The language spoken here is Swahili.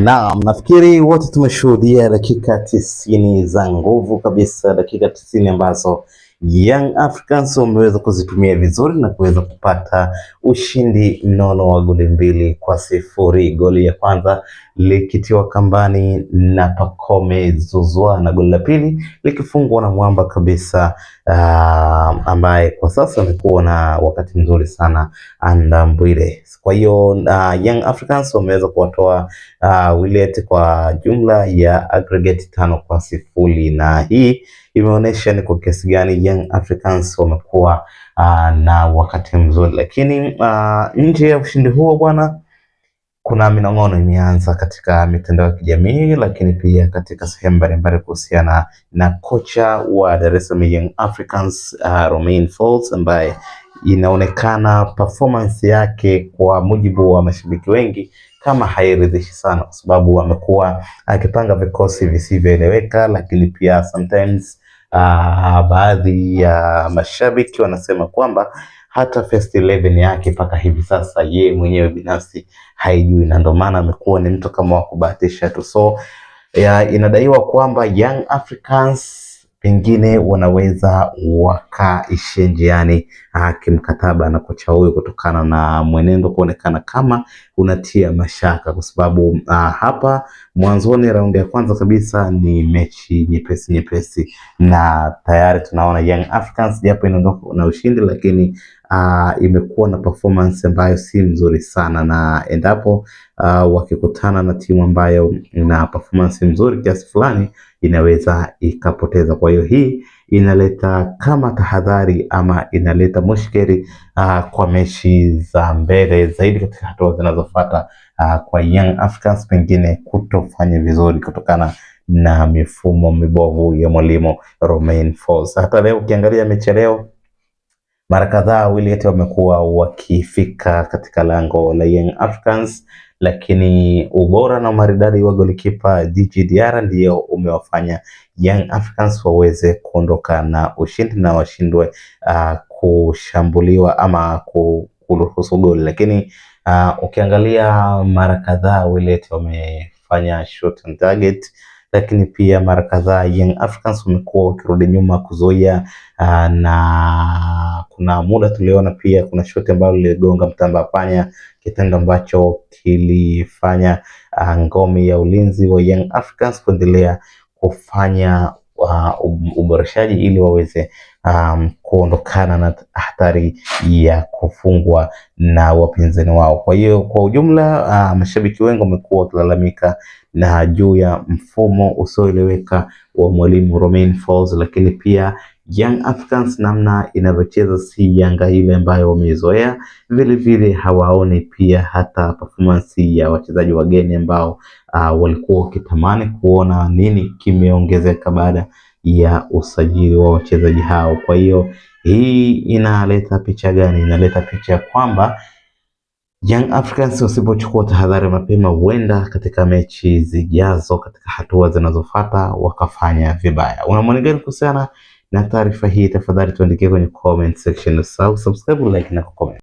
Naam, nafikiri wote tumeshuhudia dakika tisini za nguvu kabisa, dakika tisini ambazo Young Africans wameweza kuzitumia vizuri na kuweza kupata ushindi mnono wa goli mbili kwa sifuri. Goli ya kwanza likitiwa kambani na Pacome Zuzwa na goli la pili likifungwa na mwamba kabisa, uh, ambaye kwa sasa amekuwa na wakati mzuri sana andambwile Kwa hiyo uh, Young Africans wameweza kuwatoa uh, ah, Wiliete kwa jumla ya aggregate tano kwa sifuri na hii imeonyesha ni kwa kiasi gani Young Africans wamekuwa uh, na wakati mzuri, lakini uh, nje ya ushindi huo bwana, kuna minong'ono imeanza katika mitandao ya kijamii, lakini pia katika sehemu mbalimbali kuhusiana na kocha wa Dar es Salaam Young Africans uh, Romain Folz ambaye inaonekana performance yake kwa mujibu wa mashabiki wengi kama hairidhishi sana, kwa sababu amekuwa akipanga vikosi visivyoeleweka, lakini pia sometimes Uh, baadhi ya uh, mashabiki wanasema kwamba hata first 11 yake mpaka hivi sasa ye mwenyewe binafsi haijui, na ndio maana amekuwa ni mtu kama wa kubahatisha tu. So ya, inadaiwa kwamba Young Africans pengine wanaweza wakaishia njiani ah, kimkataba na kocha huyo kutokana na mwenendo kuonekana kama unatia mashaka, kwa sababu ah, hapa mwanzoni, raundi ya kwanza kabisa ni mechi nyepesi nyepesi, na tayari tunaona Young Africans japo inaondoka na ushindi, lakini uh, imekuwa na performance ambayo si mzuri sana, na endapo uh, wakikutana na timu ambayo ina performance mzuri kiasi fulani inaweza ikapoteza. Kwa hiyo hii inaleta kama tahadhari ama inaleta mushkeli uh, kwa mechi za mbele zaidi katika hatua zinazofuata uh, kwa Young Africans pengine kutofanya vizuri kutokana na mifumo mibovu ya mwalimu Romain Folz. Hata leo ukiangalia mechi leo mara kadhaa Wiliete wamekuwa wakifika katika lango la Young Africans, lakini ubora na umaridadi wa golikipa Djigui Diarra umewafanya Young Africans waweze kuondoka na ushindi na washindwe uh, kushambuliwa ama kuruhusu goli, lakini uh, ukiangalia mara kadhaa Wiliete wamefanya shot on target lakini pia mara kadhaa Young Africans wamekuwa wakirudi nyuma kuzuia uh, na kuna muda tuliona pia kuna shoti ambalo liligonga mtamba panya, kitendo ambacho kilifanya uh, ngome ya ulinzi wa Young Africans kuendelea kufanya uh, uboreshaji ili waweze um, kuondokana na hatari ya kufungwa na wapinzani wao. Kwa hiyo kwa ujumla, uh, mashabiki wengi wamekuwa wakilalamika na juu ya mfumo usioeleweka wa mwalimu Romain Folz, lakini pia Young Africans namna inavyocheza si Yanga ile ambayo wameizoea. Vile vile hawaoni pia hata performance ya wachezaji wageni ambao uh, walikuwa wakitamani kuona nini kimeongezeka baada ya usajili wa wachezaji hao. Kwa hiyo hii inaleta picha gani? Inaleta picha ya kwamba Young Africans wasipochukua tahadhari mapema, huenda katika mechi zijazo, katika hatua zinazofuata wakafanya vibaya. Unamwona gani kuhusiana na taarifa hii, tafadhali tuandikie kwenye comment section. Usisahau subscribe, like na comment.